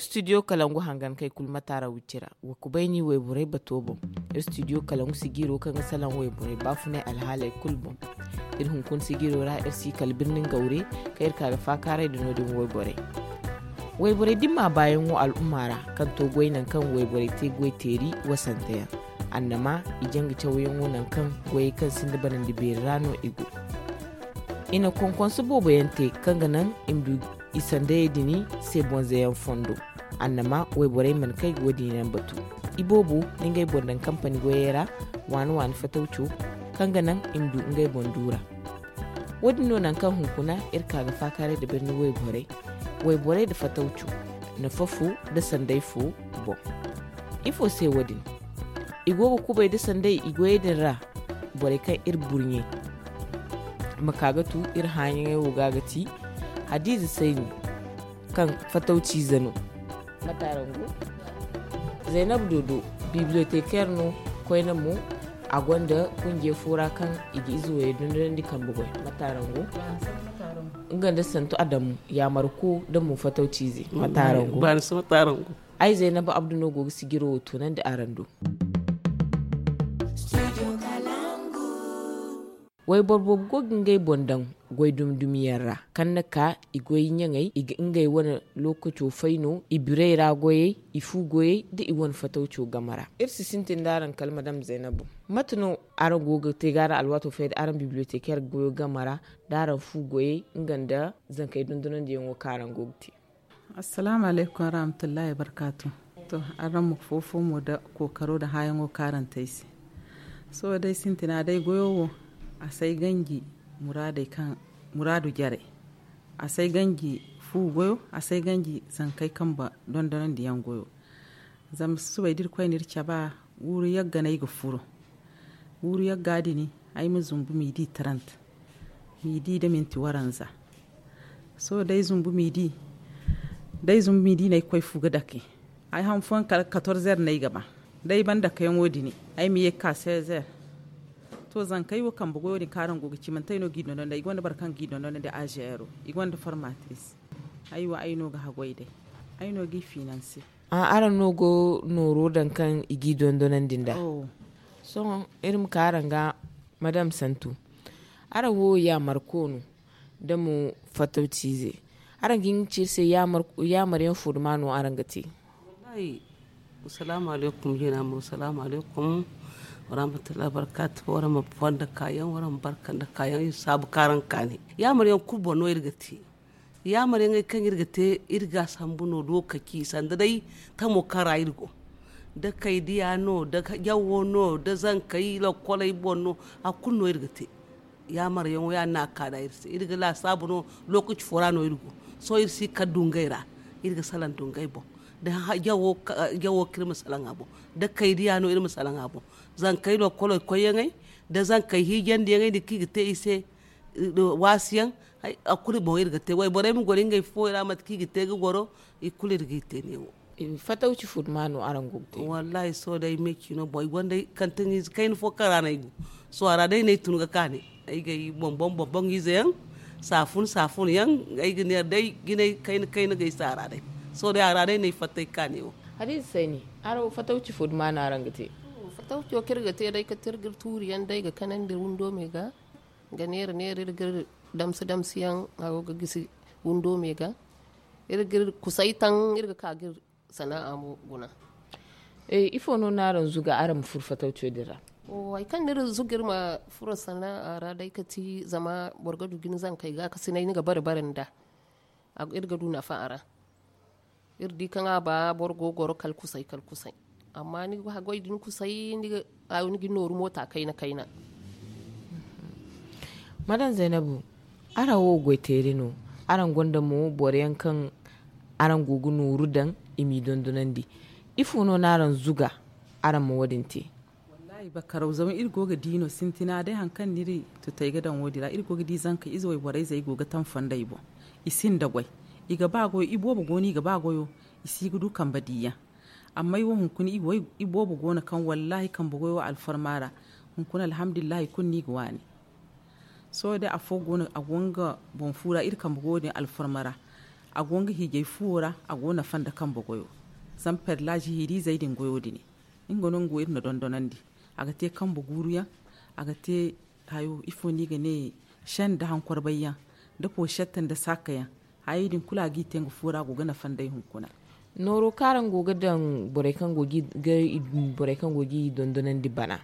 studio kalangu hangan kai kulma tara wutira wa waiburai wai burai batobo studio kalangu sigiro kan salan wai burai bafune alhala kulbon ir hunkun sigiro ra fc kalbirnin gaure kayar kaga fa karai da nodin wai burai wai burai bayan wa al'umara kan to nan kan wai burai te goi teri wasantaya annama ijanga wayan wannan kan goi kan sun banan da rano igo ina konkon su bobo yante kanga nan imdu isande dini sai bonzayen fondo annama waibore man kai godi nan batu ibobu ningai bondan kamfani goyera wani wani fataucu kanganan indu ngai bondura wadin nonan kan hunkuna irka ga fakare da birnin waibore waibore da fataucu na fafu da sandai fu bo ifo sai wadin ku kubai da sandai igoye yadin ra bore kan ir burnye makagatu ir hanyar wugagati hadiza sai kan fatauci zano matarangu zainab dodo bibliotekar no kwaina mu a gwanda kungiyar fura kan igi izuwa ya dundun dikan bugwai matarangu inganda santu adamu ya marko don mu fatauci zai matarangu ba su matarangu ai zainab abdu no gogi sigiro tunan da arando wai borbo gogin gai bondan gwai kan kanna ka igwai nyangai ingai wani lokaco faino ra goye ifu goye da iwan fatauco gamara irsi sintin daran kalmadam zainabu matano ara goga te gara alwato fayd aran bibliothecaire goyo gamara dara fu goye inganda zankai dundunan da yanwa karan gogti assalamu alaikum warahmatullahi barkatu to aran mu fofo mu da kokaro da hayan karan taisi so dai sintina dai goyowo a sai gangi muradai kan muradu jare a sai gangi fu goyo a sai gangi san kai kan ba don don diyan goyo zam su bai dirkwai nirce ba wuri yagga na yi furo wuri yagga adi ne ai mu zumbu midi tarant midi da minti waranza so dai zumbu midi dai zumbu midi na kwai fuga da ke ai hanfuwan 14 na yi gaba dai ban da kayan wodi ne ai mi ka sai zai to zan kai wa kan bugoyo ni karan ki man no gido nan da da barkan gido nan da ajero da formatrice aiwa aino ga dai aino gi finance a aran nogo noro dan kan don nan dinda oh. so irin karan ga madam santu aran wo ya markono da mu fatauci zai aran gin ce sai ya maryan furmano aran gati wallahi assalamu alaikum jina mu assalamu alaikum rahmatullahi barkatu wara mafan da kayan wara barkan da kayan sabu karan ne ya yan kubo no irgati ya yan kan te irga sambuno lokaki sanda dai ta mo kara irgo da kai diya no da yawo no da zan kai la kolai bonno a kunno te ya yan ya na kada irse irga la sabu no lokaci no irgo so irsi ka dungaira irga salan dungai bo da yawo yawo kirma salan da kai diya no irmasalan abu zan kai lo kolo koyengai da zan kai hijen da yangai da ki gite ise wasiyan ai akuri bo irga te wai bore mun gorin gai fo ira mat ki gite ga goro ikuli irga te ne wo fata uci manu aran gugte wallahi so dai make you know boy wanda kan tin is kain fo nai igu so ara dai ne ka kane ai gai bom bom bom bom izen safun safun yan ai gine dai gine kain kain gai sara dai so dai ara dai ne fatai kane wo hadis sai ni aro fata uci manu aran gugte taw to kirga te dai ka tirgir yan dai ga kanan da wundo mai ga ga nere nere irgir damsu yan hago ga gisi wundo mai ga irgir tan irga kagir sana'a mu guna e ifo no naran zuga aram furfatau ce dira wai kan nira zugir ma fura sana'a ra dai ka ti zama borgadu gini zan kai ga ka sinai ni ga bari barin da a irga duna fa'ara irdi kan ba borgo goro kalkusai kalkusai amma ni ga gwai dun ku sai ni ayo ni kai mota kai na. madan zainabu ara wo gwai tere no aran gonda mo boryan kan ara gugu nuru dan imi dondonan di ifo no naran zuga ara mu wadin te wallahi bakarau zama iri goga dino sintina dai hankan niri to tai ga dan wodira irgo ga di ka izoi warai zai goga tan fandai bo isin da gwai iga ba goyo ibo ba goni ga ba goyo isi gudu kan badiya amma yi wa hunkuni i bobu gona kan wallahi kan bugoyi wa alfarmara hun kun alhamdulillahi kun ni gwa ne so da a fo gona a gonga bon fura ir kan bugoyi alfarmara a gonga hijai fura a gona da kan bugoyo san perlaji hiri din goyo dini ingo non go irna a ga te kan a ga te hayo ifo ni ga ne shan da hankwar da po shattan da sakaya hayidin kula gi tengu fura go gana fandai hunkuna noro karin goge da borekan gogi ga gogi dondonan di bana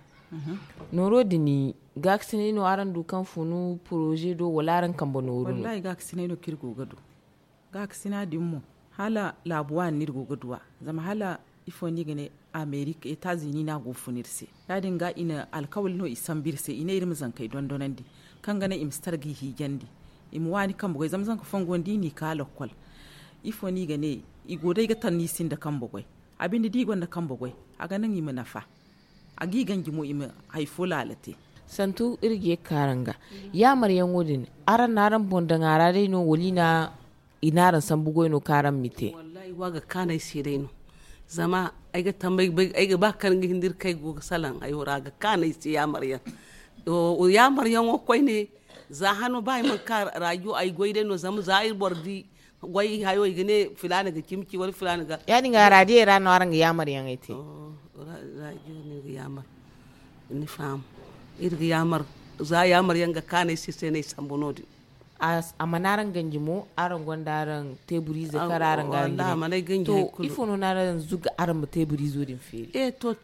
noro dini gaksine no aran du kan funu proje do walaran kan ba noro wallahi gaksine no kir goge do gaksina dimmo hala labuwan nir goge duwa zama hala ifo ni gane america etazini na go funirse dadin ga ina alkawal no isan birse ina zan kai dundunan di kan gane imstar gi im imwani kan bugai zan ka fangon dini ka lokwal ifo ni gane igodai ga tan nisin da kan bugoi abin da digon da kan bugoi a ganin yi nafa a gigan gimo imi haifo lalate santu irge karanga ya maryan wudin aran naran bondan arare no na inaran san bugoi no karan mite wallahi ga kanai sedai no zama ai ga tambai ai ga bakan hindir kai go salan ai wora ga kanai se ya maryan o ya maryan wo koi ne za hanu bai man kar rayu ai goide no zamu zair bordi wai hayo igine filana ga kimki wani filana ga yani ga radiye rana waran ga yamar yan ite oh radiyo ne ga yamar ni fam irga yamar za yamar yan ah, ga kana sai sai ne sambonodi a manaran ganjimo aran gwandaran teburi za kararan gani Allah manai ganji to ifono naran zuga aran ba teburi zo din fili eh to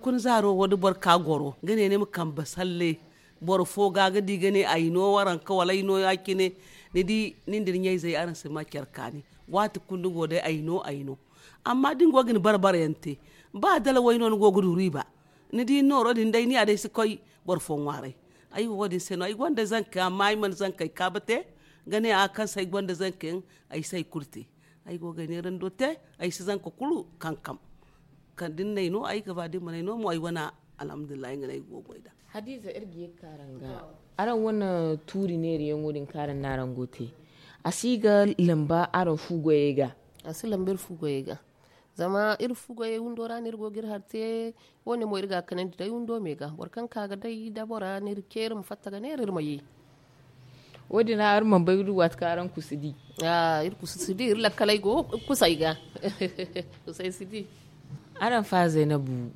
kun zaro wadi bor ka goro gane ne mu kan basalle bor foga ga digane ayino waran ka walai no kine. Ni di nin dir nyai zai aran sima kyarkani wati kundu gode aino aino amma din gin barbara yante ba dala waino go gogudu riba Ni di no rodin dai ni adai sikoi borfon ware ai wodi seno ai gwanda zanka mai man zanka kabate gane a kan sai gwanda zankin ai sai kurti ai go gane ran dote ai zan zanka kulu kankam kan din naino ka ba din manaino mu ai wana alhamdulillah ngai goida hadiza karan ga aran wannan turi ne riyan wurin karan a gote asiga lamba aran fugoye ga asi lambar fugoye ga zama ir fugoye wundo ranar irgo gir harte wani mo irga kanan dai wundo mega warkan kaga dai dabora nir kerim fattaga ne rir maye wadi na arma bai ta karan kusidi a ir kusidi ir lakalai go kusai ga kusai sidi aran fa zainabu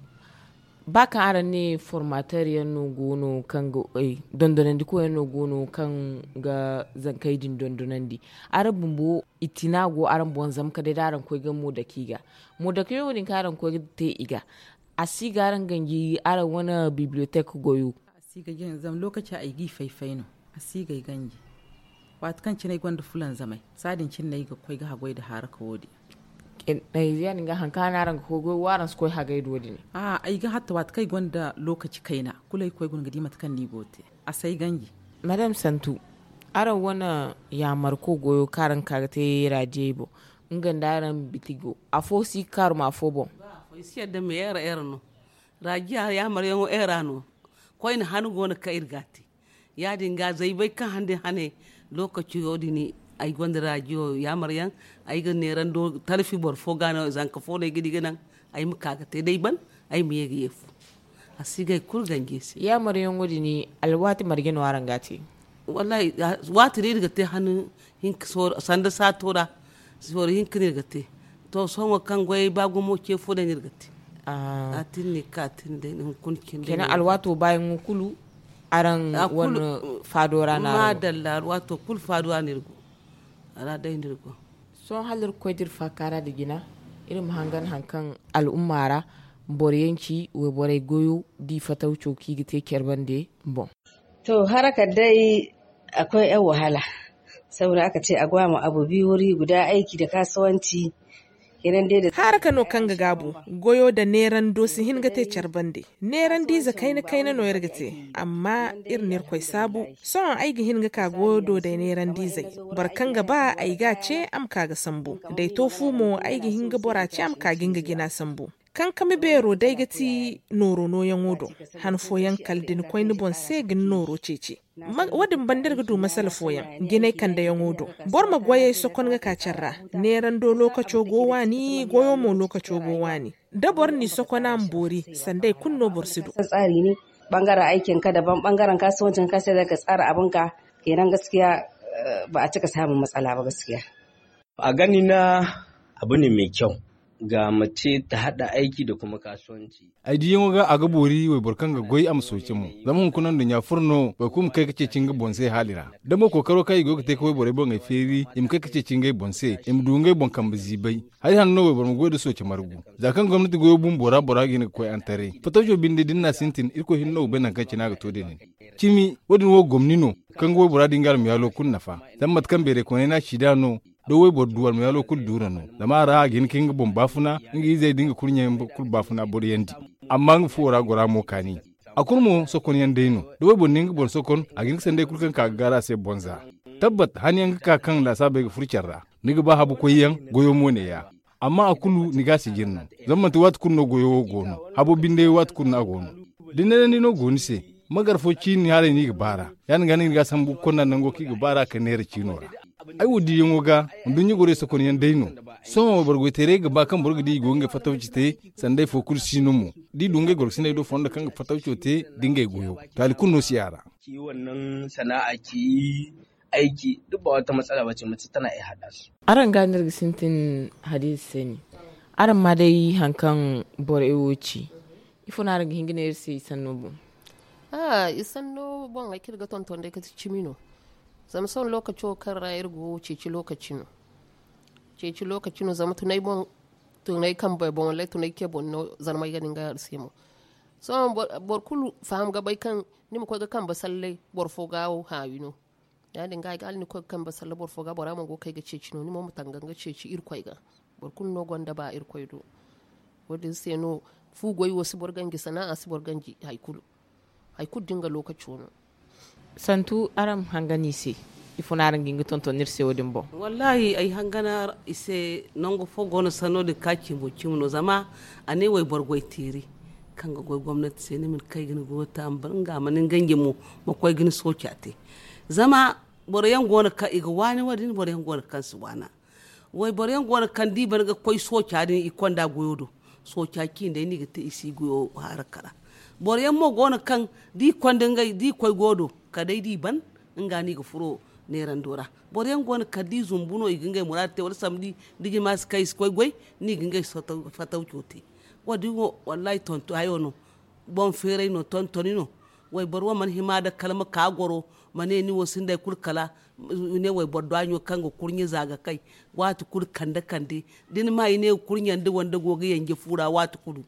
baka ara ne formatar yanno gono kan ga oi eh, dondonandi ko yanno gono kan ga zankaidin dondonandi arabun bo itina go aran bon zam ka daran ko ga mu da kiga mu da kiyo ni karan ko te iga asi garan gangi ara wana bibliotheque goyo asi ga gen zam lokaci ai gi faifai no asi ga gangi wat kan cinai gwanda fulan zamai sadin cin nayi ga koi ga hagoi da haraka wodi nahiziyan nga hankana ranka ko go waran ko ha gaido dini a ah, ai ga hatta wata kai gwanda lokaci kaina kula koi gwanda gadi matkan ni gote a sai gangi madam santu ara wana ya marko goyo karan karte rajebo ngan daran bitigo a fosi kar ma fobo isi yadda me era era no rajiya ya maryango era no koyin hanu gona ka irgati ya dinga zai bai kan hande hane lokaci yodini ay gondira jo yamar yan ay ga nerando do talfi bor fo gana zanka fo ne gidi ganan ay mu kaga te dai ban ay mu yegi yefu asigai kurgan gese yamar yan wadi ni alwati margen waran gati wallahi wati ri daga te hanu hin so sanda tora so hin kini daga te to son mo kan goy ba mo ke fo da ni daga te ah. a tin ne ka tin de ni kun kin kenan alwato bayan kulu aran wani fadora na Ma madalla alwato kul fadora ne daga ara daindir ko son halar kwadir fakara da gina irin hangan hankan al'ummara boryanci wa borai goyo di fatau coki ga ta kyarban da bon to haraka dai akwai yan wahala saboda aka ce a gwama abu biyu wuri guda aiki da kasuwanci har kano kanga gabu goyo da neran dosi hinga te charbande neran diza kaina kaina no yargate amma ne koi sabu an aigi hinga ka godo da neran diza barkanga ba aiga ce am kaga sambu dai tofu mo aigi hinga bora ce am kaginga gina sambu kan kami bero daigati noro no yan wodo han fo yan kaldin koin bon se gin noro cece wadin bandar gudu masal foya gine kan da yangodo bor ma gwaye nerando ga kacarra ne do lokaco gowa ni goyo mo lokaco gowa ni da bor ni kona mbori sandai kunno borsido tsari ne bangara aikin ka daban bangaren kasuwancin ka sai daga tsara abin ka kenan gaskiya eh, ba a cika samun matsala ba gaskiya a gani na abu ne mai kyau ga mace ta hada aiki da kuma kasuwanci. Ai di yunga a gabori wai burkan ga goyi am soke mu. Zama kunan da ya furno bai kuma kai kace cin gabon sai halira. Dan ba kokaro kai goyi kai kai bore bon ai feri im kai kace cin gai bon sai im dungai bon kan bizi bai. Har hanno bai bar mu goyi da soke margu. kan gwamnati goyi bun bora bora gin koi an tare. Fata jo binde na sintin irko hinno bai nan kace na ga to ne. Kimi wadin wo gomnino kan goyi bora dingar mu yalo kun nafa. Dan matkan bere kone na shidano do we bor mɛ yalo kul dura no dama ara ra gin kinga bon bafuna ngi izay dinga kulnya kul bafuna bor yandi amma ngi fora gora mo kani akun mo sokon yande no do we bor ningi bor sokon agin sende kul kan ka gara se bonza tabbat hanyan ka kan la sabe ga furcarra niga ba habu koyyan goyo mo ne ya amma akulu niga si girnan zaman wati wat kunno goyo gono habu binde wat kunna gono dinne ne no goni se magarfo cini hare ni gbara yan gani ga san bu konna nan go ki gbara ka nere cinora ai wudi yongoga ndunyi gore sokon yan daino somo borgo tere ga bakan borgo di gonga fatawci te sandai fokul sinumu di dunga gor sinai do fonda kan fatawci te dinga goyo tali kunno siyara ki wannan sana'a ki aiki duk ba wata matsala bace mace tana ai e hada su aran ganar gisintin hadisi sani aran ma dai hankan borewoci ifuna ran hingine sai sanno bu ah isanno bon akirga tonton dai ka cimino Zama son lokaci kan rayar go ceci lokacinu ceci lokacinu zama tunai bon tunai kan bai bon lai tunai ke bon no zarmai ganin ga simo so bor kulu faham ga bai kan ni mu ga kan basalle bor fo ha hawino ya din ga ni ko kan basalle bor fo ga bor mun go kai ga ceci no ni mu ga ceci irkwai ga bor kulu no gonda ba irkwai do wadin sai no fu goyi wasu borgangi sana'a su borgangi haikulu haikulu dinga lokaci wono santu aram hangani se ifuna aran gingi ton ton nirse odin bo wallahi ay hangana ise nongo fo gono sanode kaki mo cimno zama ane way borgoy tiri kanga goy gwamnati se nemin min kai gina gota am banga manin gange mo makoy gina sokiyate zama boroyan gona ka iga wani wadin boroyan gona su wana way boroyan gona kan di ban ga koy sokiyade i konda goyodo So inda ni ga ta isi goyo harakara bor yan mo gono kan di kwandingai di kwai godo kadai di ban ngani ni gufuro neran dora bor yan gono kadi zumbuno igingai murate wal samdi digi mas kai kwai gwai ni gingai fatau fatau chuti wadi wo wallahi tonto ayono bon fere no tontoni no wai bor man himada kalma ka goro mane ni wasin sinda kul kala ne wai boddo anyo kango kurnyi zaga kai watu kul kande kande din ma ine kurnyan de wanda gogi yange fura watu kulu.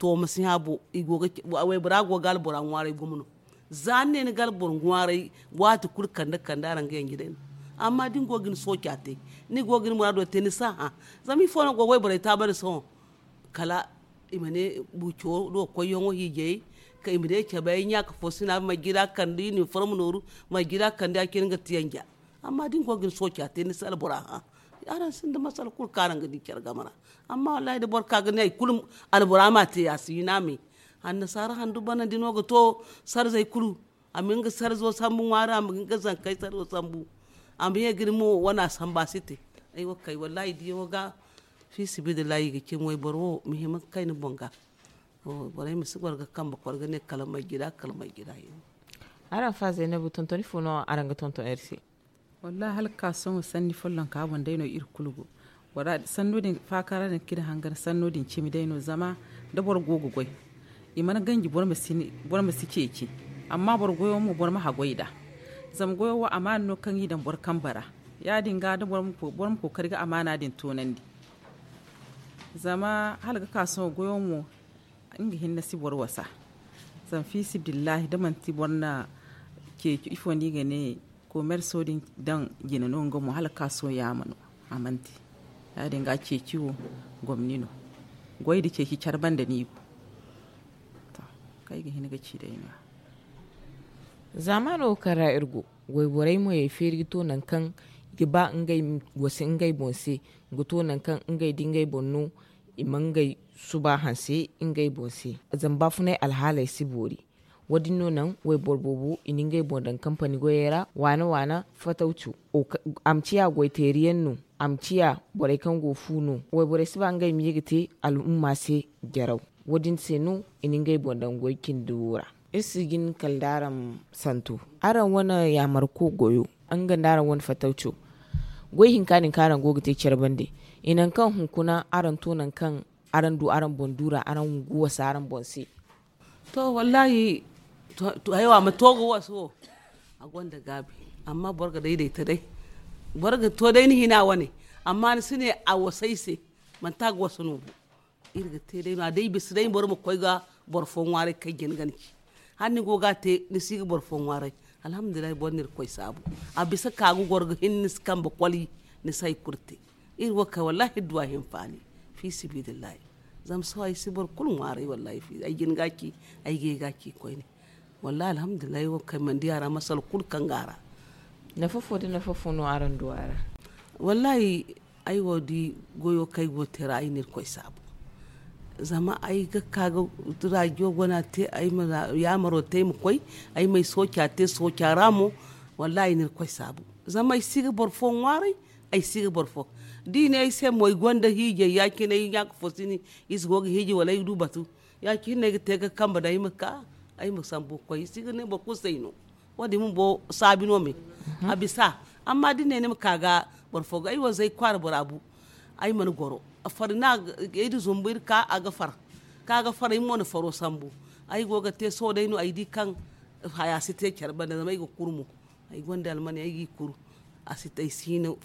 to ha bo igoga we bra go gal bora ngware gumuno zanne ne gal bor ngware wati kul kanda kanda ran gen giden amma din gogin so kyate ni gogin mura do tenisa sa ha zami na go we bora ta bar so kala imane cho do koyon wo hije ka imane ke bayin ya ka fosina ma gida kandi ni form noru ma gida kandi akin ga tiyanja amma din gogin so kyate ni sal bora ha aran sun da masal kul karan gidi kyar gamara amma wallahi da bor kaga ne kulum alburama te asina mai an nasara han duba na dino ga to sar zai kulu amin ga sar zo sambun wara amin ga zan kai sar zo sambu amin ya girmo wana ba site ai wakai wallahi diyo ga fi su bi da layi ga kin wai boro muhimman kai ni bonga oh, mu musu ga kan bakwar ga ne kalmar gida kalmar gida yau. Ara fa Zainabu tontoni funo aranga tonton RC. wallahi hal san wa sanni follon ka won dayno ir kulugo wara fakara da kida hangar sannodin cimi daino zama da bor gogo goy iman ganji bor sini bor sike ki amma bor goyo mu bor ma hagoida zam goyo wa amana no kan yidan bor kambara ya dinga da bor mu bor mu kokari ga amana din tonandi zama hal ga san goyo mu inga hin nasi bor wasa zam fi sibillahi da man ti bor na ke ifo ni ga ne commerce sodin dan gina no ngo hal so ya mano manti ya dinga ke kiwo gwamnino gwai da ke ki carban da ni ta kai ga hiniga ci da ina zamano kara irgo gwaiborai mu ya feri to nan kan giba ngai wasi ngai bonse guto nan kan ngai dingai bonno imangai suba hanse ngai bonse zamba funai alhalai sibori wadi nonan wai borbobu iningai bondan kamfani goyera wana wana fataucu amciya goiteriyen nu amciya bore kan gofu nu wai borai siba ngai miyigite al'umma se jarau wadin senu iningai bondan goikin duwura isigin kaldaram santu aran wana yamar ko goyo an gandaran wani fatautu goi hinkanin karan gogite bande. inan kan hunkuna aran tonan kan aran du aran bondura aran guwa aran bonse to wallahi haiwa ma togo wasu a gwanda gabi amma borga ta dai borga to dai ni hina wani amma ni sune a wasai se man ta ga wasu nubu irga te dai ma dai bisu dai bor mu koi ga borfon ware kai gan ki har ni goga te ni sigi borfon ware alhamdulillah bon ni koi sabu a bisa kagu gorga hin ni kan ba kwali ni sai kurte ir waka wallahi duwa hin fani fi sibidillah zam so ai sibor kulun ware wallahi fi ai gin gaki ai ge gaki koi ne wallahi alhamdulilayi wo kay man diyara masal kul kangara na fofo de na fofo no aran duwara wallahi ay wo di goyo kay go tera ay nir koy sabu zama ai ga kaga rajo gona te ma ya maro te mu koi ayi mai soca te soca ramo wallahi nir koy sabu zama ayi siga fo ngwari ayi siga borfo dine ai se moy gonda hije yi yak fosini isgo hije wala yudu batu ne ga te ga kamba dai maka Ayi mo sambo ko sigi ne bɔ ko wa de mu bo bi mhm. sa abisa amma di ne kaga bor fogo kɔri wo a bu ayi ma ni gɔrɔ a fari na e zon bɛri ka ka fara, aga far fara i m'a ni faro ayi ko goga te so dai no ayi di kan haya site ba da zama kuru go ayi ai gonda almani ayi gi kuru asite sino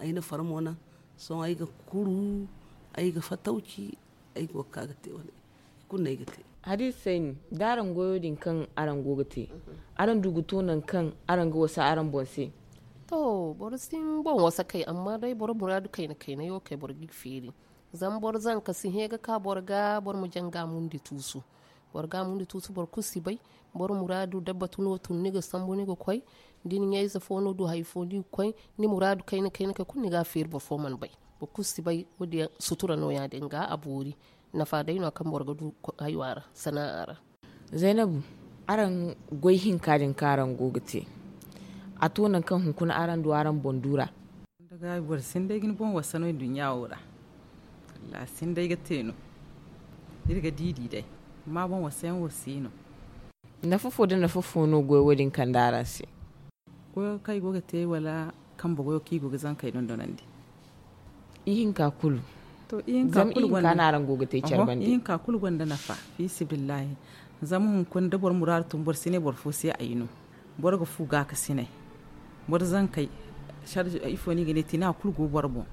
ayi ne na farmo na son ayi ga kuru ayi ga fatauci ko k'a ga te wani n'a ai ga te hadisain daran goyodin kan aran gogote aran nan kan aran ga wasa aran bonse to bor sin bon wasa kai amma dai bor muradu kai na kai na yau kai bor gifiri zan bor zan ka sin hega ka bor ga bor mu janga mun di tusu bor ga mun di tusu bor kusi bai bor muradu dabba tuno tun ni ga sambo ni ga koi din yayi zafo no du haifo ni koi ni muradu kai na kai na kai kun ni ga fir foman bai ba kusi bai wodi sutura no ya a bori. na fadaino kan borgadu haihuwar sana'ar zainabu aran gwaihin kajin karan gogate a tonan kan hunkuna aran duwaran bondura daga war sin dai gin bon wasano dunya wura la sin dai gateno dirga didi dai ma bon wasa yan wasan no na fufu da na fufu no goyo wadin kan dara si goyo kai goga te wala kan ba goyo ki goga zan kai don donandi ihin ka kulu to in ka kul wanda kana ran goga te char bande iyin ka kul wanda nafa fa fi sibillahi zam kun da bor murar tun bor sine bor fo sai ayinu bor ga fu ga ka sine bor zan kai shar ifo ni gine tina kul go bor bon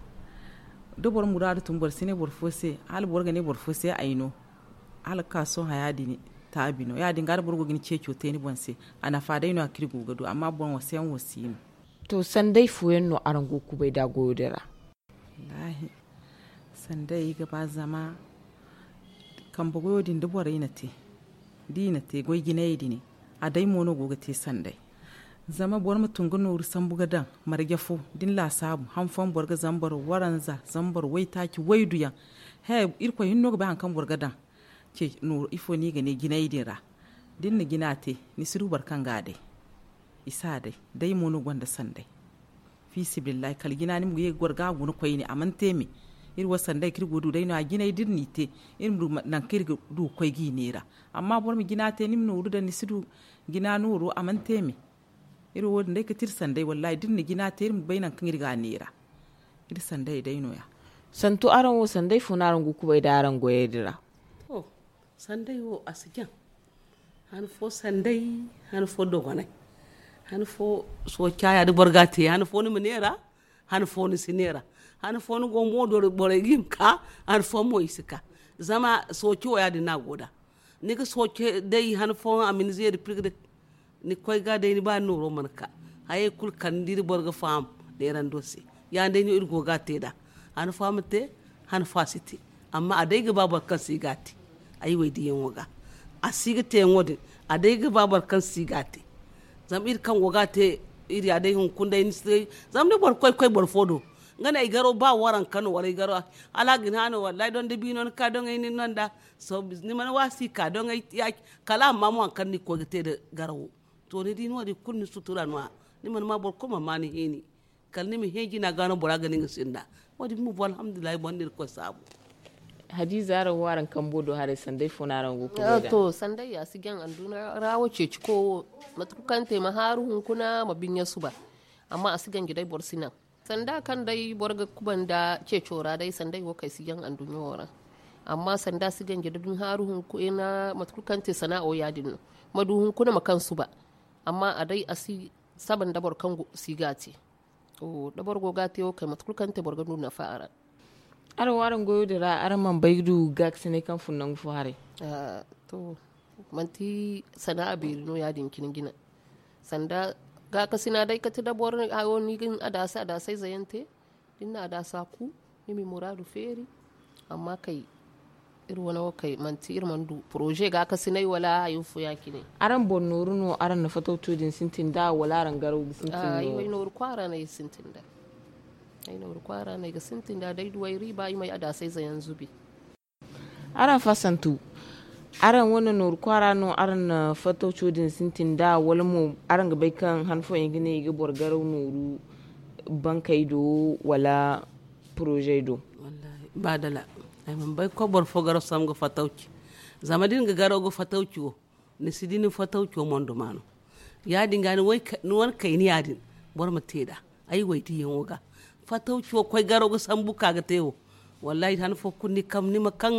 da bor murar tun bor sine bor fo sai hal bor ga ne bor fo sai ayinu hal ka so hayadi ne ta abino ya dingar bor go gine ce kyote ni bonse ana fa dai no akiri go gado amma bon wasen wasino to sandai fuyen no arango kubai da godira yi gaba zama kan yau din yi na te na te goyi gina yi dini a dai mono goga te sandai zama buwar mutum gano rusan buga dan marge din la sabu hanfan burga zambar waranza zambar wai taki wai duyan he irko yin no ba hankan borga dan ke no ifo ni gane gina yi dira din ni gina te ni siru barkan ga dai isa dai dai mono gwanda sanda fi sibillahi kal gina ni mu ye gorga gunu a amante teme ir wasanda kir godu dai na gina dirni te ir na nan kir du koy ginera amma bor gina te nim nuru da nisidu gina nuru amante mi ir wodin dai kitir sandai wallahi dirni gina te ir mu bainan kan ir ganera sandai dai no santu aran wo sandai funarangu gu kubai da aran dira oh sandai wo asijan han fo sandai han fo dogonai han fo so caya da borgate han fo ni nera, han fo ni sinera an fonu go bore boregim ka an fomo isika zama soki waya yadi nagoda nika soki dai han fon amin zeri prigde ni koy ga dai ni ba noro man ka haye kul kandiri borga fam de ran dosi ya dai ni irgo ga teda han te han fasiti amma a dai ga babar kan sigati ayi wai diyan woga a sigate te wadin a dai ga babar kan sigati zam ir kan woga te iri a dai hun kun dai ni zam ne bor koy koy bor fodo ngana garo ba waran kano wala garo ala ginano wallahi don de binon ka don ngai nin nonda so ni man wasi ka don ngai ya kala mamu an kan ni ko gete de garo to ne dinu wadi kunni sutura no ni man ma bor ko ma mani heni kal ni mi heji na gano bora ganin sinda wadi mu bol alhamdulillah dir ko sabu hadiza ran waran kan bodo hare sandai funaran go da. to sande ya si gan anduna rawo ce ci ko matukan te ma kuna hunkuna mabin yasu amma asigan gidai borsinan sanda kan dai borga kuban da ce cora dai sanda yi kai siyan an dunyo wara amma sanda su ganje da dun haru hunku ina matkukan te sana'o ya dinno maduhun kuna makansu ba amma a dai asi saban dabar kan siga ce o dabar goga gati yo kai matkukan te borga nuna fa'ara ar waran goyo da ra ar man baidu gax ne kan funan fuhare to manti sana'a birino yadin dinkinin gina sanda ga sina dai ka ti dabor ayo ni gin adasa adasa zayante dinna adasa ku ni mi muradu feri amma kai ir wani kai manti ir man projet ga ka sinai wala ayo fu ya kine aran bon noru no aran na fato to din sintin da wala ran garo din sintin ah, no ayi wai noru kwara na sintin da ayi noru kwara na ga sintin da dai duwai riba mai adasai zayan zubi aran fasantu aran wani nur kwara no aran fato chodin sintin da wani mu aran gabai kan hanfo yin gine ga borgaro nuru bankai do wala projai do wallahi ba dala ay man bai ko bor fogaro sam ga zama din ga garo ga fatawci wo ni sidini fatawci wo mondo mano ya dinga ni wai ni wan kai ni ya din bor ma teda ai wai ti yin woga fatawci wo koi garo ga sam ka ga tewo wallahi tan fo kunni kam nima kan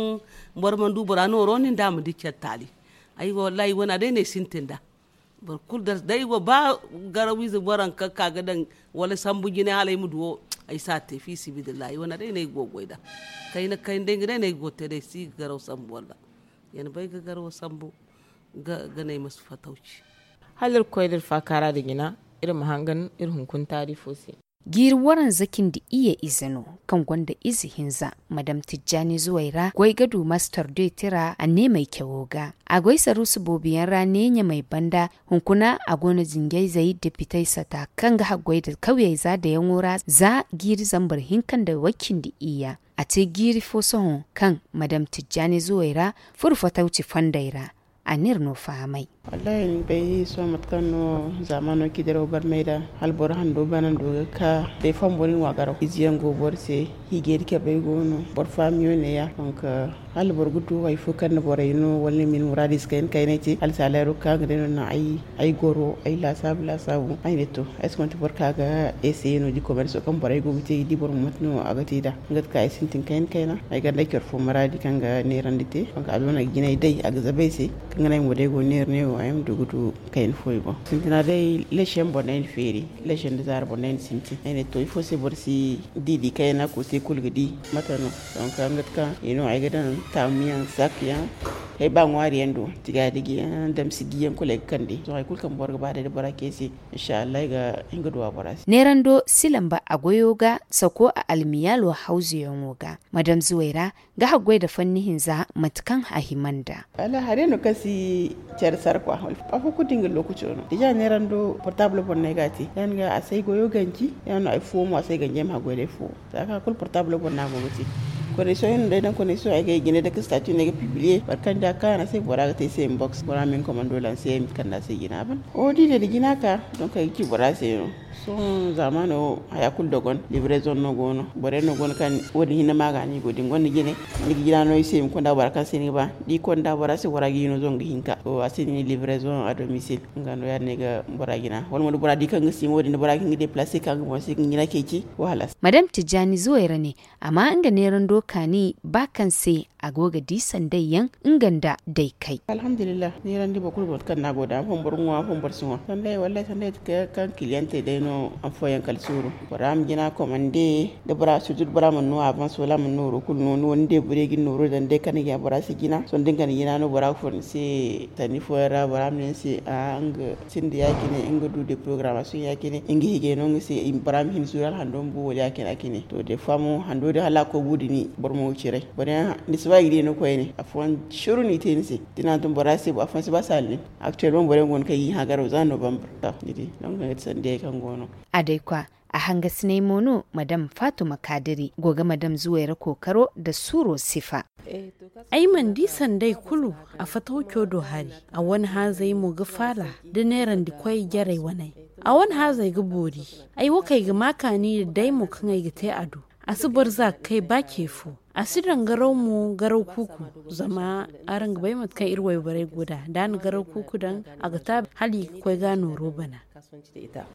borma ndu bora no ni ndama di cettali ayi wallahi wona de ne sintinda bor kul da dai go ba garawi boran baran ka kaga dan wala sambu gine halai e mu duwo ay sa te fi sibidillahi wona dai ne gogoida kai na kai dai ne gote dai si garaw sambu walla yen bai ga garaw sambu ga gane ne masu fatauci halar koyar fakara da gina irin mahangan irin hunkun tari fosi gir zakin da iya izino kan gwanda izi hinza madam tijjani zuwaira gwai gado master doi tira a ne mai kyawoga a gwai saru su bobiyan rane ne mai banda hunkuna a gona jingai zai da fitai sata kan ga hagwai da kauye za da yan wura za giri zambar hinkan da wakin da iya a ce giri fosohon kan madam tijjani zuwaira furfatauci fandaira a no famai wallahi bai so matkan no zamano kidero bar meda halbor hando banan do ka de wa garo iziyan go se higeri ke bai gono bor famiyo ne ya donc halbor gudu way fu kan boray no walni min muradis kayen kayne ci al salaru ka ngade no na ay ay goro ay la sab la sabu ay neto est ce bor ka ga essayer no di commerce kan boray go biti di bor matno agati da ngat ka ay sintin kayen kayna ay ga lekor fu muradi kan ga ne randite donc abona ginay dai aga zabe se kan ngane mo dai go ne ne wayam dugudu kayen foyi bo sintina dai lechen bo nayin feri lechen de zar bo nayin sinti ene to ifo se bor si didi kayena ko te kulgidi matano donc angat ka ino ay gadan tamian sakyan hay ba ngwari tiga digi dam sigiyan kule kandi to ay kulkan bor ga bada da bara kesi insha Allah ga inga duwa bara nerando silamba agoyoga sako a almiyalo hauzi yonwoga madam zuwaira ga hagwai da fannihin za matkan ahimanda ala hare no kasi cer hol pa fu kudinga lokucho no Ya ne rando portable bon negati yan ga asai goyo ganji yan ai fu mo asai ganje ma goyo fu ka kul portable bon na gobati connexion yin da dan connexion ai gai gine da ka statue ne ga par kan da kana sai bora ga tai sai inbox bora min commando lan sai kan da sai gina ban odi da gina ka don kai ki bora sai sun zamano a haya kul dogon livraison no gono bore no gon kan wodi hina maga ni godi gon gine ni gina no ise mi konda baraka sini ba di konda bara si wara gino zong hinka o asini livraison a domicile ngano ya ne ga bara gina wal mo bara di kan ngasi wodi ni bara kin de place kan mo si gina keki wahala madam tijani zuwaira ne amma inga ne ran doka ni bakan se agoga disan dayyan inganda dai kai alhamdulillah ni ran di bakul bot kan nagoda fon burunwa fon bursunwa tan dai wallahi tan dai kan cliente dai no an foyan kalsuru bara am jina komande da bara sujud bra man no avant sola man no ro kul no de bre gin no ro dan de kan ya bra si gina son de kan yana no bra fon si tani fo ra bra men si ang sindi ya kini ingo du de programmation ya kini ingi hige no si ibrahim hin sural handon bu ya kini akine ya to de famo hando de hala ko budini bormo cire bare nisba raide no koyne afwan shuruni tense dina dum borase bo afwan siba salin actuellement bore ngon kay ha garo za november ta nidi don ga sande kan gono adai kwa a hanga sinai mono madam fatuma kadiri goga madam zuwaira kokaro da suro sifa ai mandi sandai kulu a fatokyo do hari a wani zai mu ga fala da neran da kwai gyarai wani a wani zai ga bori ai wakai ga makani da dai kan ai ga tai ado subar za kai ba kefu asidan garau mu garau kuku zama aran gabai kai irwai barai guda da ni garau kuku dan a gata hali kwai gano robana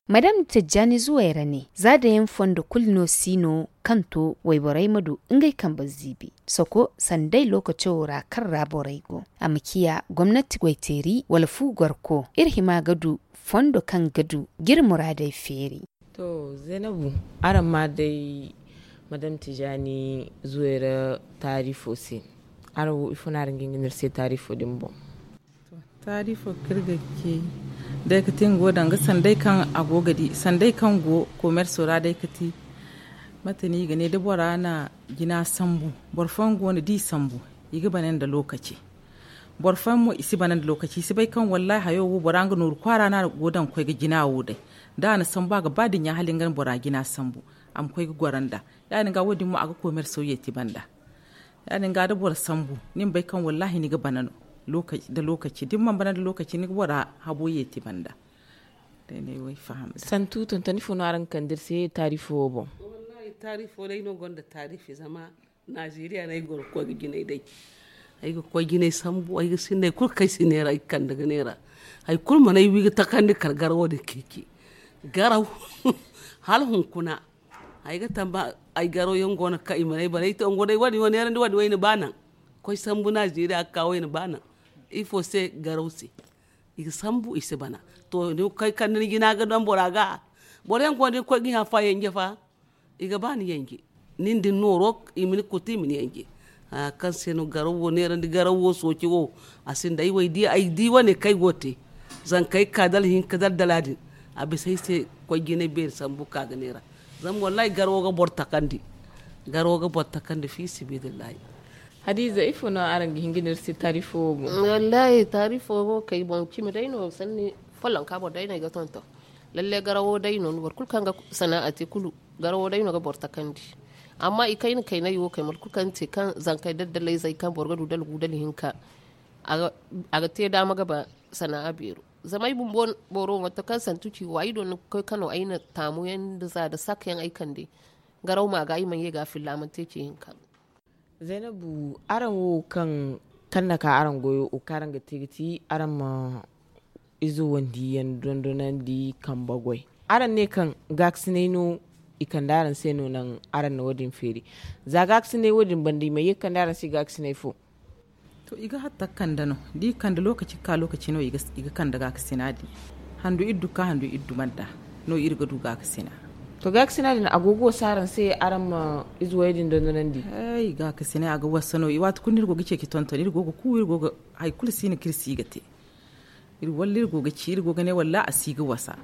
madam tijjani yara ne za da yin fondo kulino sino kanto waiborai madu ingai kan bazibi sako sandai lokacin kan raborai go amkiya gwamnati gwaiteri walfu gwarko irhima gadu fondo kan gadu girmura dai feri to zainabu aran ma dai madame tijani zuwera tarifo se arawo ifuna ringinginar sai tarifo din bom tarifo kirga ke dai ka tingo danga sandai kan agogadi sandai kan go komer sora daikati ka ti matani gane da bora na gina sambu borfan go na di sambu yiga banan da lokaci borfan mu isi banan da lokaci si bai kan wallahi hayo wo bora ga nur kwara na godan kai ga gina wo dai da na sambu ga badin ya halin gan bora gina sambu am koy gwaranda yani ga wodi mu aga komer soyeti banda yani ga da bor sambu nin bai kan wallahi ni ga banano lokaci da lokaci din man banan da lokaci ni gwara habo yeti banda da ne wai faham san tutun tani fo naran kan dir sai tarifo bon wallahi tarifo dai no gonda tarifi zama najeriya na igor ko gine dai ay ko gine sambu ay sinne kul kai sinera ay kan daga nera ay kul manay wiga takandi kar garwo da kiki garau hal hun kuna ga tamba ai garo yon gona ka imare bare ita on godai wani wani yaran wani wani bana ko sambu na jira ka wani bana ifo se garo si i sambu se bana to ni kai kan ni gina ga don boraga bore yon ni ko gi ha fa yenge fa ga bani yenge nin din noro min kuti mini yenge a ah, kan no garo woni ne di garo wo ci wo asin dai wai di ai di wani kai gote zan kai kadal hin kadal daladin abisai sai ko gine be sambu ka ganera zan wallahi garwo ga borta kandi garwo ga borta kandi fi sibidillahi hadiza ifo no aran hinginir si tarifo go wallahi tarifo go kay bon kimi n'o sanni folan ka bo dayno ga tonto lalle garawo dayno war kul kanga sana'ati kulu garawo n'o ga borta kandi amma i kai kai yi wo kai mal kukan te kan zan kai daddalai zai kan borga dudal gudal hinka aga te dama gaba sana'a biro zamai bun bon boro wata kan santuki wa idon kai kano aina tamu da za da sak yan aikan de garau ma ga iman ye ga filla mun tece yin kan zainabu aran wo kan kanna ka aran goyo o karan ga tigiti aran ma izo wandi yan dondonan di kan bagwai aran ne kan gaksine ikan daran sai no nan aran na wadin feri za gaksine wadin bandi mai kan daran sai gaksine fo to iga hatta kanda no di kanda lokaci ka lokaci no iga iga kanda ga kasina di? handu iddu ka handu iddu manda no irga du ga kasina to ga kasina din agogo saran sai aram izwaidin don nan di ai ga kasina sina aga wasano i wat kunir go gice ki tonton irgo go ku irgo go ai kul sina kirsi gate ir irgo ga ci irgo ne walla asiga wasa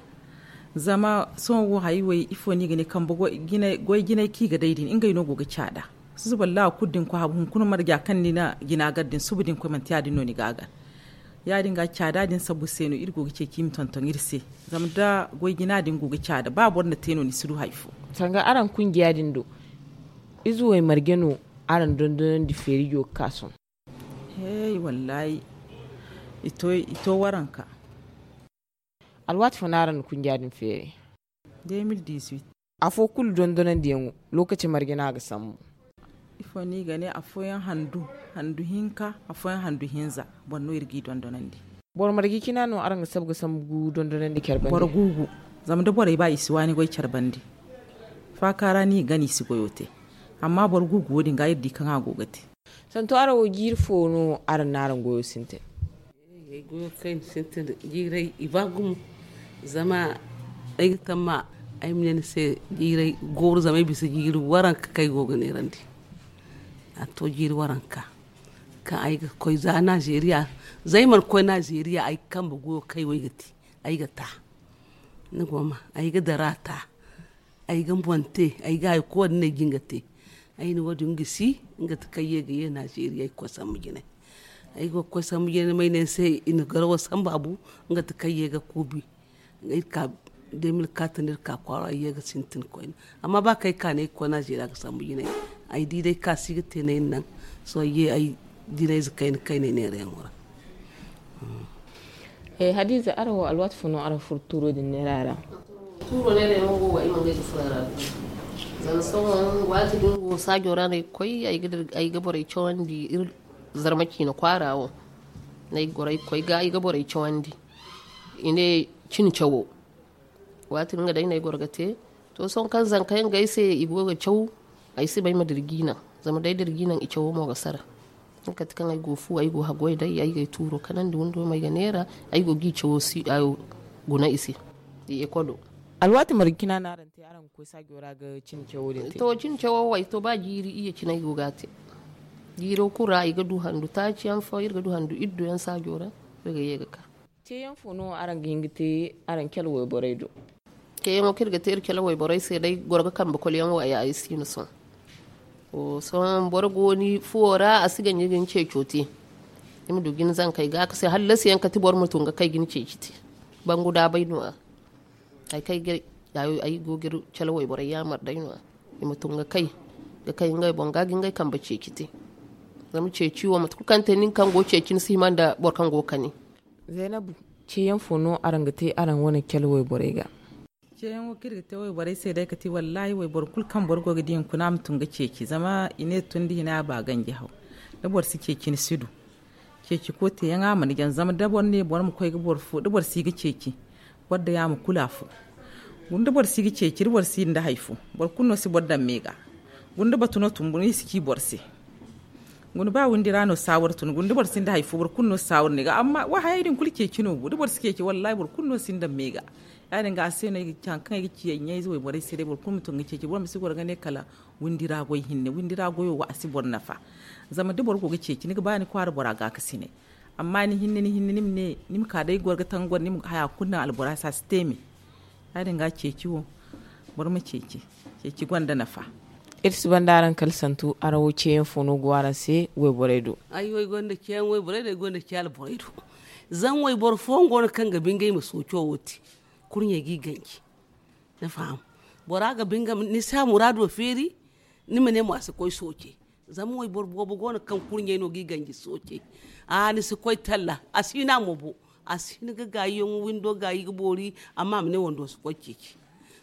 zama son wo haiwai ifo ni gane kan bugo gine goy gine ki ga daidin inga ino go ga chada suba la kudin ku habun kun marja kan na gina gaddin subudin ko man tiya dinno ni gaga ya dinga cada din sabu seno irgo gice kim tonton irse zamda goy gina din go gice da ba borna teno ni suru haifu tanga aran kungiya din do izu wai margeno aran dondon di yo kason hey wallahi ito ito waranka alwat funaran kungiya din fere 2018 afo kul din diyan lokacin margena ga sammu ifoni gane foyan handu handu hinka foyan handu hinza bonno irgi dondonandi bor margi kina no aranga sabga samgu dondonandi kerbandi bor gugu zam da bor ba isiwani goy kerbandi fa kara ni gani goyote amma bor gugu wodi ga yiddi kan agogate santo ara wo gir no ar naran goyo sinte ay goyo kain sinte jirai ibagum zama ay tamma ay minen se jirai gor zama bisa jiru waran kai randi. a to ka ka ai koi za Najeriya zai mar koi Najeriya ai kan bugu kai wai gati ai ga ta ni goma ai ga darata ai ga bonte ai ga ai ko ne gingate ai ni gisi inga ta kai ga ye Najeriya ko san mu gine ai go ko san mu gine mai ne sai in garwa san babu ta kai ga kubi ai ka demil ne ka kwara ye ga sintin ko amma ba kai ka ne ko Najeriya ga san mu gine ay diiday kaasiga tenaynan soo ye ay diidaysa kayna kaynaynerayan wara eh, hadiza arawo alwat funo ara furturo de nerara turo ne ne ngo wa imangai furara zan sawon wati dingo sajora ne koi ay gidar ay gabore chondi ir zarmaki na kwarawo na gorai koi ga ay gabore chondi ine chin chawo wati dinga dai na gorgate to son kan zan kayan gaise ga chawo a yi ma madirgina zama dai dirgina ice wo moga sara in ka ay aigo fu aigo go hagoy dai ay gay turo kanan da wando mai ga nera, aigo gi cewo si ayo guna isi di ekolo alwati marikina na ran te aran ko sa gora ga cin cewo da to cin cewo wai to ba jiri iya cin aigo ga gate jiro kura ay ga du ta ci an fa duhan du iddo yan sa gora daga yega ka te yan funo aran gingite aran kelwo do ke yan kirga te irkela wai borai sai dai gorga kan bakol yan waya ay sinu son o san borgoni fuora asigan yigin ce cote ni mu gin zan kai ga sai hallasi yan yanka tibor mutun ga kai gin ce kiti ban guda bai nuwa ai kai gir yayo ai gogir chalwai bore ya mar dai nuwa mutun ga kai ga kai ngai bon ga gin ngai kan bace kiti mu ce ciwo mata kan ta nin kan goce kin siman da borkan gokani zainabu ce yan fono arangate aran wani chalwai bore ga ceyan wakil ta wai barai sai dai kati wallahi wai bar kan bargo ga din kuna mutun ga keke zama ine tun di na ba gangi hau dabar su keki ni sidu keke ko te yan amani gan zama bar ne bar mu koi ga bar fu dabar si ga keke wadda ya mu kula fu da bor si ga keke bar si da haifu bar kunno si bar dan mega da batuno tumbuni si ki bar si gun ba wundi rano sawar tun da bar si da haifu bar kunno sawar ne ga amma wa hayarin kulke kino gunda bar si keki wallahi bar kunno sin da mega yaren ga sai na kan kan yake yin yayi zai bore sai bor kuma to ngice bor mi sigor gane kala windira goy hinne windira goyo wa asibor nafa zama de bor ko gice ki ni bani kwara bora ga kasine amma ni hinne ni hinne nimne nim ka dai gorga tangor nim haya kunna albora sa steme yaren ga ceci wo bor ma ceci ceci gwanda nafa irsi bandaran kalsantu arawuce yin fono gwara sai wai boredo ai wai gonda yan wai boredo gonda ceyal boredo zan wai bor fongo kan ga bingai maso kyo wuti gigan ki na fahim bora ga binga ni sa murado feri ni mene mu asu koi soke zamu wai borbo bu gona kan kurnya no giganki soke a ni su koi talla asina mu bo asina ga gayi yon window gayi bori amma mene wando su koi kiki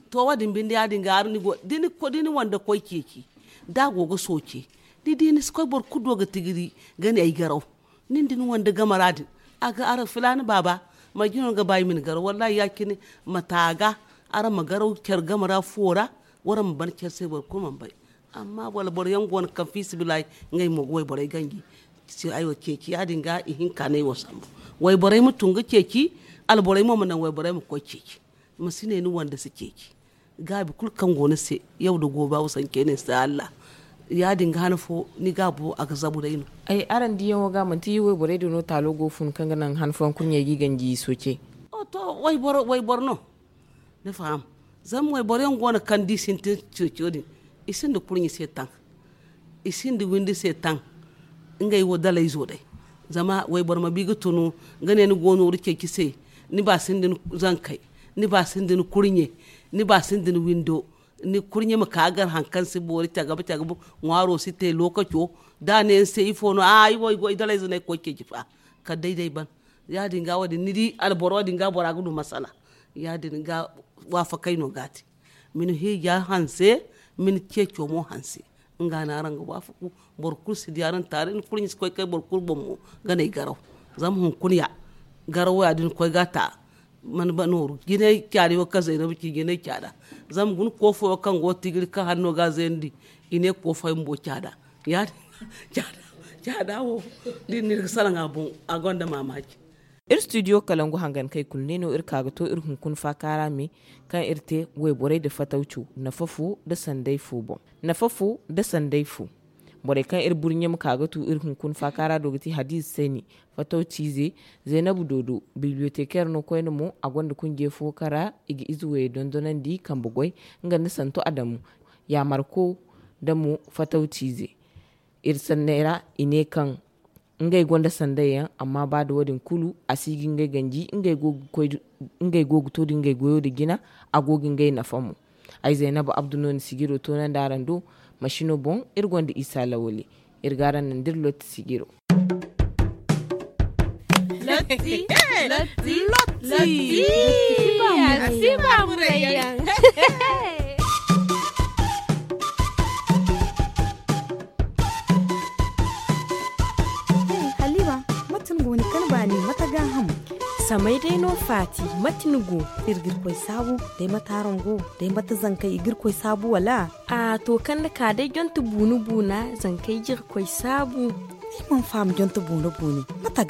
to wadin bin da dinga har ni go dini ko dini wanda koi kiki da gogo soke di dini su koi bor kudo ga tigiri gani ai garau nin din wanda gamaradin aga ara fulani baba magino ga bai min gar wallahi ya kini mataga ara magaro ker gamara fora waran ban kyar sai bor man bai amma wala bor yan gon kan fi sibilai ngai mo goy borai gangi sai ayo keki ya dinga ihin kanai wasan wai borai mutun ga keki al borai mo manan wai borai mu ko keki masine ni wanda su keki gabi kulkan gona sai yau da gobe wasan kenin sai Allah ya dinga hana fo ni bu a ga zabu da ino ai aran diyan waga man ti we bore do no talo go fun kan ganan han fon kunya gi ganji soke o to wai bor wai borno ne faham zam wai bore ngona kan di sintin cucudi isin da kurni sai tan isin da windi sai tan ngai wo dalai zo dai zama wai bor ma biga tunu ngane ni gono rike kise ni ba sindin zan kai ni ba sindin kurnye ni ba sindin windo ni kurnye mu kagar hankan si bori ta gaba ta gaba ngwaro si te lokacho da ne se ifo no a ah, iwo iwo idala ne ko ke jifa ka daidai ban ya dinga wadi ni di alboro dinga bora gudu masala ya dinga wa fa kai no gati min he ya hanse min ke mo hanse nga na ranga wa fa ku bor kursi diaran tare ni kurnye ko kai bor kurbon ga ganai garau zam hun kunya garau ya din ko gata man banoru gine kyari wa kaza ina biki gine kyada zam gun kofo wa kan go tigir ka hanno ga zendi ine kofo mbo kyada ya kyada kyada wo din ni nga bon agonda mamaki ir studio kalangu hangan kai kulne no ir kaga to ir hun kun fa kara me kan irte we bore da fataucu nafafu da sandai fu bon nafafu da sandai fu bore kan ir burnye kaga tu ir kun fa kara dogiti hadis seni fato cize zainabu dodo bibliotekar no koyno mu gonda kun je fokara igi izuwe dondonan di kan bugoi nga ni santo adamu ya marko da mu fato cize ir sannera ine kan ngai gonda sandaya amma ba da wadin kulu a sigi ngai ganji ngai gogu to ngai goyo da gina agogin ngai na famu ai zainabu abdunoni sigiro to nan da rando mashino bon irgonda isa lawole irgara nan dir lotti sigiro halima mutum goni kan ba ne mataga hamu samai dai no fati matinugo irgir koi sabu dai matarango dai mata zankai igir koi sabu wala a to kan da ka dai jonta bunu buna zankai jir koi sabu ni mun fam jonta bunu buni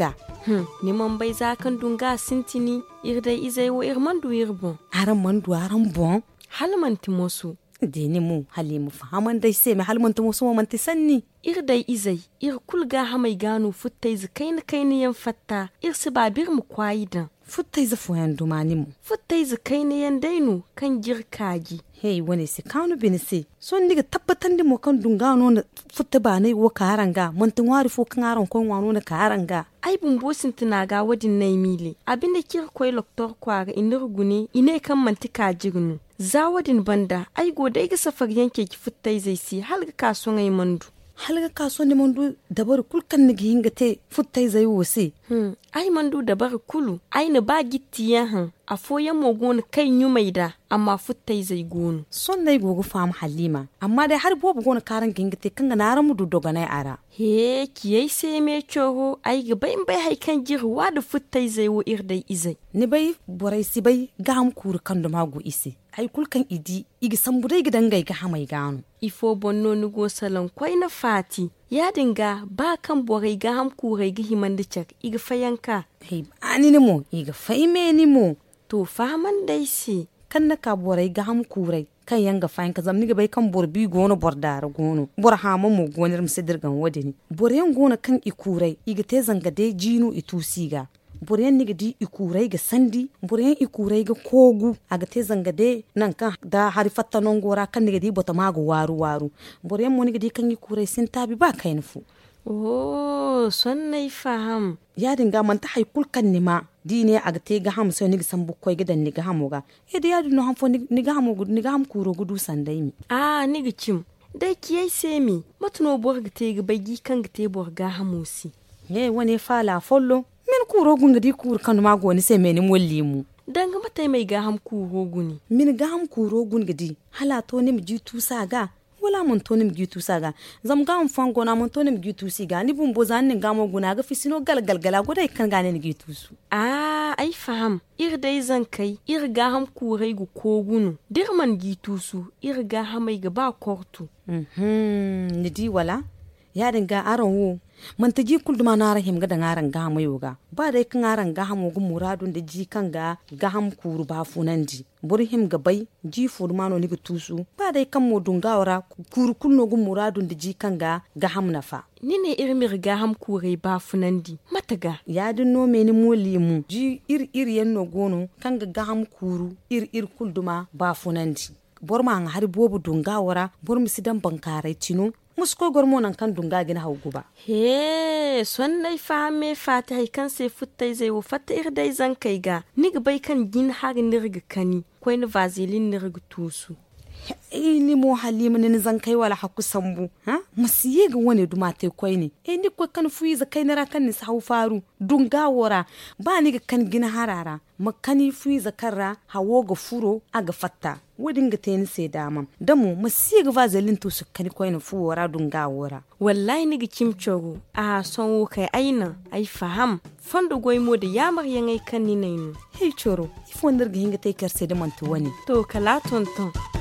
ga hmm ni mun bai za kan dunga sintini ir dai izai wo ir mandu ir bon aran mandu aran bon halman timosu dini mu hali mu fahaman dai sai mai halmun tumu ma man tisanni ir dai izai ir kulga hamai gano futtai zu kaini kaini yan fatta ir su bir mu kwayi dan futtai zu foyan dumani mu futtai zu yan dainu kan girkaji hey wani si kanu bini si son diga tabbatan di mu kan dungano na futta ba nai wo karanga man tun wari fo kan aron kon wano na karanga ai bun bosin tuna ga wadin nai mili abinda kir koi loktor kwara inirgune ine kan mantika jirnu zawadin banda ai godai ga safar yanke ki futtai zai si halga kaso ngai mandu halga kaso ne mandu dabar kulkan ni gi hinga te futtai zai wose hmm ai mandu dabar kulu ai ne ba gitti yan han a foya mogon kai yi mai da amma futtai zai gonu. Son dai gogo fam halima amma dai har bobu gona karan gingite kan ga naramu ga na ara. He kiyai sai me coho ai ga bai bai haikan jirwa da futtai zai wo ir dai izai. Ni bai borai si bai gam kuru kan da mago isi. Ai kulkan idi igi sambudai gidan gai ga hamai gano. Ifo bonno ni go salon kwai na fati. ya dinga ba kan borai ga kurai ga himan da cak iga fayanka. Hei, ani ni mo, iga faime ni mo, to faman dai si kan na ka borai ga ham kurai kan yanga fayin ka zamni gabai kan borbi gono bordara gono bor ha mu gonar msidir gan wadini boren gono kan ikurai iga te zanga dai jino itusiga buren niga di ikurai ga sandi buren ikurai ga kogu aga te zanga de nan kan da hari fatta non gora kan niga di bota mago waru waru buren mo niga di kan ikurai sin tabi ba kainfu fu oh sonnai faham ya dinga man ta haikul kan ni ma dine aga te ga ham so ni san bukkoy gidan ni ga hamu ga e da yadu no ham fo ni ga hamu gudu niga ham kuro gudu sandai mi a ni ga cim da yai se mi matuno bor ga te ga bagi kan ga te bor ga hamu si e wani fala follo min kuro gun ga di kur kanu ma go ni se me ni molli mu dan ga matai mai ga ham kuro guni min ga ham kuro gun ga di hala to ni mi ji tusa ga wala mun tonim gitu saga zam ga mun fango na mun tonim gitu siga ni bun boza nin ga mun guna ga fisino gal gal gala goda kan gane ni gitu su ah ai faham ir dai zan kai ir ga ham kurai gu kogunu dir man gitu su ir ga hamai ga ba kortu mhm ni di wala ya dinga aron wo man ta ji kulduma na rahim ga da ngaran ga mu yoga ba dai kan ngaran ga hamu gu muradun da ji kan ga ga ham kuru ba funan ji burhim ga bai ji furmano ni ga tusu ba dai kan mu dunga wara kuru kunno gu muradun da ji kan ga ga ham na fa ni ne irin mir ga ham kure ba funan di mataga ya din no me ni mu limu ji ir ir yan no gono kan ga ga ham kuru ir ir duma ba funan di bor ma har bobu dunga wara bor mi sidan bankarai tinu musko gormonan kan dunga gina hau ba he son nai fahame fata kan sai futtai zai wo fata irdai zan kai ga ni bai kan gin har nirga kani kwai ni vaseline nirga tusu Eh, ni mo halima ni zan kai wala haku sambu ha musiye ga wani duma tai koi ne e ni eh, ko kan fuyi za kai nara kan ni sahu faru dun gawora ba ni ga kan gina harara makani fuyi za karra hawo ga furo a ga fatta wadin ga tayin sai dama mu musiye ga vazelin to su kan koi na fuwora dun gawora wallahi ni ga kimchogo a son wo kai aina ai faham goy mo da yamar yangai kan ni nayin hey choro ifo ndar ga hinga tai karse da mantu wani to kala tonton